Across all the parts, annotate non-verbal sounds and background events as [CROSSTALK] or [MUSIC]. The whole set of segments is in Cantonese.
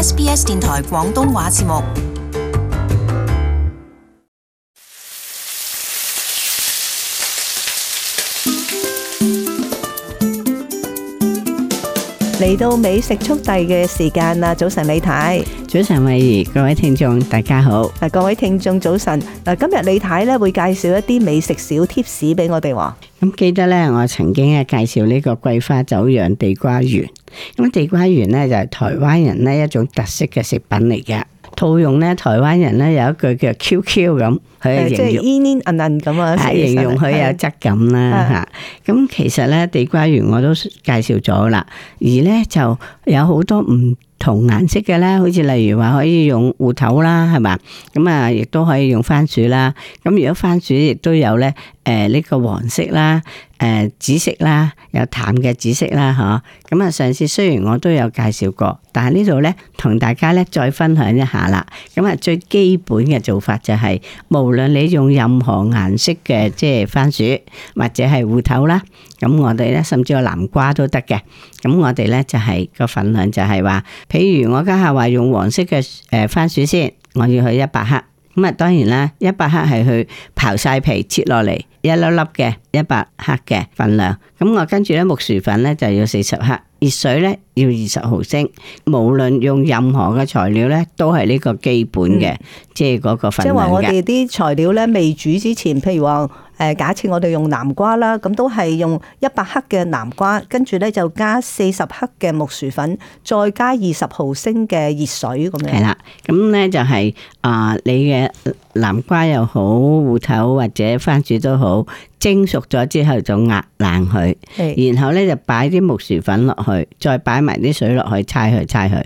SBS 電台廣東話節目，嚟到美食速遞嘅時間啦！早晨李太，早晨惠儀，各位聽眾大家好。嗱，各位聽眾早晨。嗱，今日李太咧會介紹一啲美食小貼士俾我哋。咁記得咧，我曾經咧介紹呢個桂花酒釀地瓜圓。咁地瓜圓咧就係台灣人咧一種特色嘅食品嚟嘅。套用咧台灣人咧有一句叫 QQ 咁，佢即係煙煙韌韌咁啊！形容佢、嗯嗯、有質感啦嚇。咁是是其實咧地瓜圓我都介紹咗啦，而咧就有好多唔同顏色嘅咧，好似例如話可以用芋頭啦，係嘛？咁啊，亦都可以用番薯啦。咁如果番薯亦都有咧。誒，呢、呃這個黃色啦，誒、呃，紫色啦，有淡嘅紫色啦，嗬。咁啊，上次雖然我都有介紹過，但係呢度咧，同大家咧再分享一下啦。咁啊，最基本嘅做法就係、是，無論你用任何顏色嘅即係番薯，或者係芋頭啦，咁我哋咧甚至有南瓜都得嘅。咁我哋咧就係、是這個份量就係話，譬如我家下話用黃色嘅誒、呃、番薯先，我要去一百克。咁啊，當然啦，一百克係去刨晒皮切落嚟一粒粒嘅一百克嘅份量。咁我跟住咧木薯粉咧就要四十克，熱水咧要二十毫升。無論用任何嘅材料咧，都係呢個基本嘅，嗯、即係嗰個份量嘅。即係話我哋啲材料咧未煮之前，譬如話。誒，假設我哋用南瓜啦，咁都係用一百克嘅南瓜，跟住咧就加四十克嘅木薯粉，再加二十毫升嘅熱水咁樣。係啦，咁咧就係啊，你嘅南瓜又好，芋頭或者番薯都好，蒸熟咗之後就壓爛佢，然後咧就擺啲木薯粉落去，再擺埋啲水落去，搓去搓去。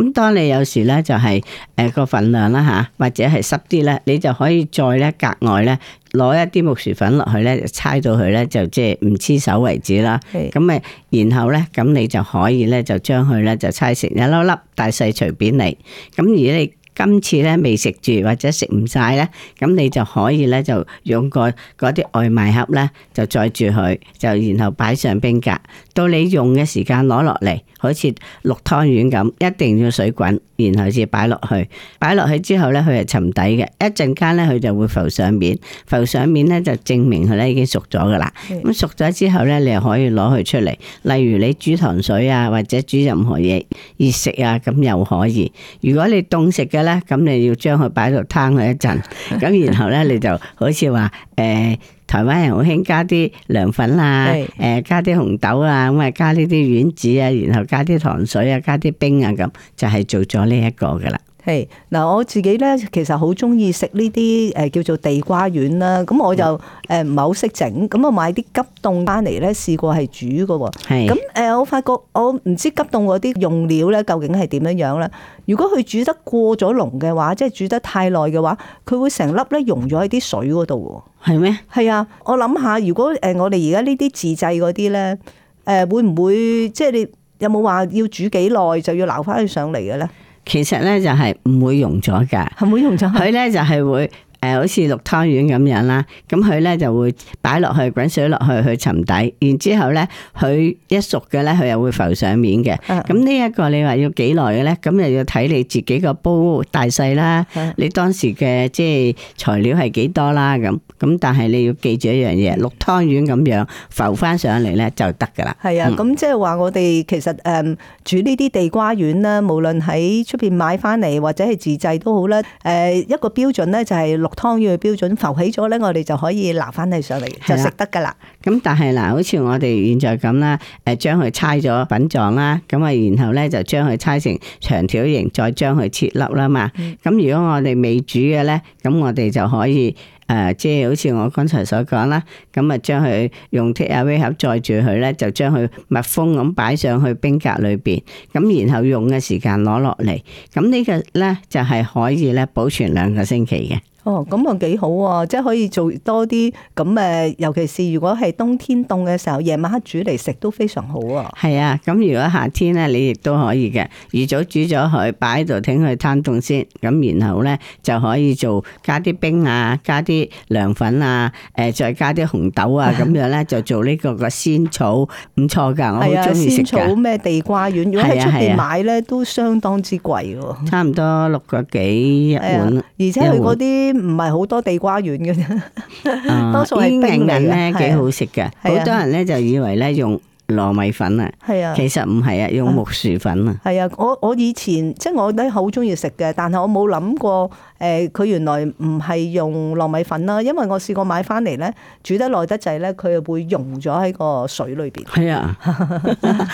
咁當你有時咧就係誒個份量啦嚇，或者係濕啲咧，你就可以再咧格外咧。攞一啲木薯粉落去咧，猜到佢咧就即係唔黐手為止啦。咁咪，然後咧，咁你就可以咧，就將佢咧就猜成一粒粒，大細隨便你。咁而你。今次咧，未食住或者食唔曬咧，咁你就可以咧就用過嗰啲外賣盒咧就載住佢，就然後擺上冰格。到你用嘅時間攞落嚟，好似落湯圓咁，一定要水滾，然後至擺落去。擺落去之後咧，佢係沉底嘅，一陣間咧佢就會浮上面。浮上面咧就證明佢咧已經熟咗噶啦。咁熟咗之後咧，你又可以攞佢出嚟。例如你煮糖水啊，或者煮任何嘢熱食啊，咁又可以。如果你凍食嘅，啦，咁你要將佢擺落攤去一陣，咁然後呢，你就好似話，誒，台灣人好興加啲涼粉啊、誒，加啲紅豆啊，咁啊加呢啲丸子啊，然後加啲糖水啊，加啲冰啊，咁就係做咗呢一個噶啦。係嗱，我自己咧，其實好中意食呢啲誒叫做地瓜丸啦。咁我就誒唔係好識整，咁我買啲急凍翻嚟咧，試過係煮嘅喎。係咁誒，我發覺我唔知急凍嗰啲用料咧，究竟係點樣樣咧？如果佢煮得過咗籠嘅話，即係煮得太耐嘅話，佢會成粒咧溶咗喺啲水嗰度喎。係咩嗎？係啊，我諗下，如果誒我哋而家呢啲自製嗰啲咧，誒會唔會即係、就是、你有冇話要煮幾耐就要撈翻佢上嚟嘅咧？其實咧就係唔會溶咗噶，係唔會溶咗，佢咧就係會。誒好似碌湯丸咁樣啦，咁佢咧就會擺落去滾水落去去沉底，然之後咧佢一熟嘅咧佢又會浮上面嘅。咁呢一個你話要幾耐嘅咧？咁又要睇你自己個煲大細啦，啊、你當時嘅即係材料係幾多啦咁。咁但係你要記住一樣嘢，碌湯丸咁樣浮翻上嚟咧就得㗎啦。係啊，咁、嗯、即係話我哋其實誒、嗯、煮呢啲地瓜丸啦，無論喺出邊買翻嚟或者係自製都好啦。誒、呃、一個標準咧就係、是湯要標準浮起咗呢，我哋就可以撈翻佢上嚟的就食得噶啦。咁但係嗱，好似我哋現在咁啦，誒，將佢猜咗粉狀啦，咁啊，然後呢，就將佢猜成長條形，再將佢切粒啦嘛。咁、嗯、如果我哋未煮嘅呢，咁我哋就可以。誒，即係好似我剛才所講啦，咁啊，將佢用 takeaway 盒載住佢咧，就將佢密封咁擺上去冰格裏邊，咁然後用嘅時間攞落嚟，咁呢個咧就係可以咧保存兩個星期嘅。哦，咁啊幾好啊，即係可以做多啲，咁誒，尤其是如果係冬天凍嘅時候，夜晚黑煮嚟食都非常好啊。係啊，咁如果夏天咧，你亦都可以嘅，預早煮咗佢，擺喺度等佢攤凍先，咁然後咧就可以做加啲冰啊，加啲。涼粉啊，誒，再加啲紅豆啊，咁樣咧就做呢、這個個仙 [LAUGHS] 草，唔錯噶，我好中意食。仙、啊、草咩地瓜丸，如果喺出邊買咧、啊、都相當之貴喎、啊。差唔多六個幾一碗，啊、而且佢嗰啲唔係好多地瓜丸嘅啫，多數係冰、呃、人咧幾好食嘅，好、啊啊、多人咧就以為咧用。糯米粉啊，係啊，其實唔係啊，用木薯粉啊。係啊，我我以前即係我都好中意食嘅，但係我冇諗過誒，佢、呃、原來唔係用糯米粉啦，因為我試過買返嚟咧煮得耐得滯咧，佢又會溶咗喺個水裏邊。係啊。 [LAUGHS]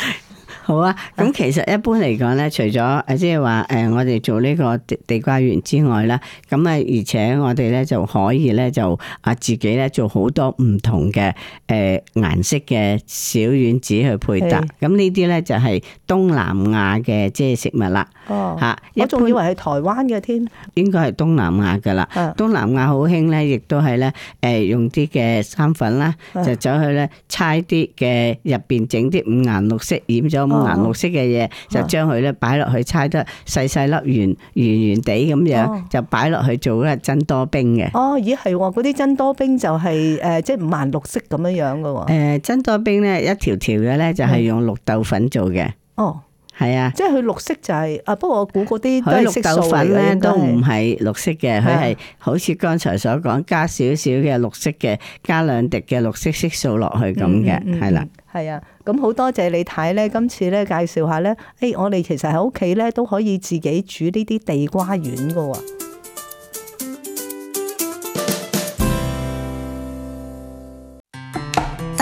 好啊，咁其實一般嚟講咧，除咗誒即係話誒我哋做呢個地地瓜圓之外啦，咁啊而且我哋咧就可以咧就啊自己咧做好多唔同嘅誒顏色嘅小丸子去配搭，咁呢啲咧就係東南亞嘅即係食物啦。嚇，我仲以為係台灣嘅添。應該係東南亞㗎啦，東南亞好興咧，亦都係咧誒用啲嘅生粉啦，就走去咧搓啲嘅入邊整啲五顏六色染咗。五顏六色嘅嘢、哦、就將佢咧擺落去，猜得細細粒圓圓圓地咁樣，哦、就擺落去做嗰個珍多冰嘅。哦，咦係喎，嗰啲珍多冰就係、是、誒、呃，即係五顏六色咁樣樣噶喎。誒、呃，珍多冰咧一條條嘅咧就係用綠豆粉做嘅。哦。係啊，即係佢綠色就係、是、啊，不過我估嗰啲綠色色素咧都唔係綠色嘅，佢係好似剛才所講加少少嘅綠色嘅，加兩滴嘅綠色色素落去咁嘅，係啦。係啊，咁好多謝你睇咧，今次咧介紹下咧，誒、哎，我哋其實喺屋企咧都可以自己煮呢啲地瓜丸㗎喎。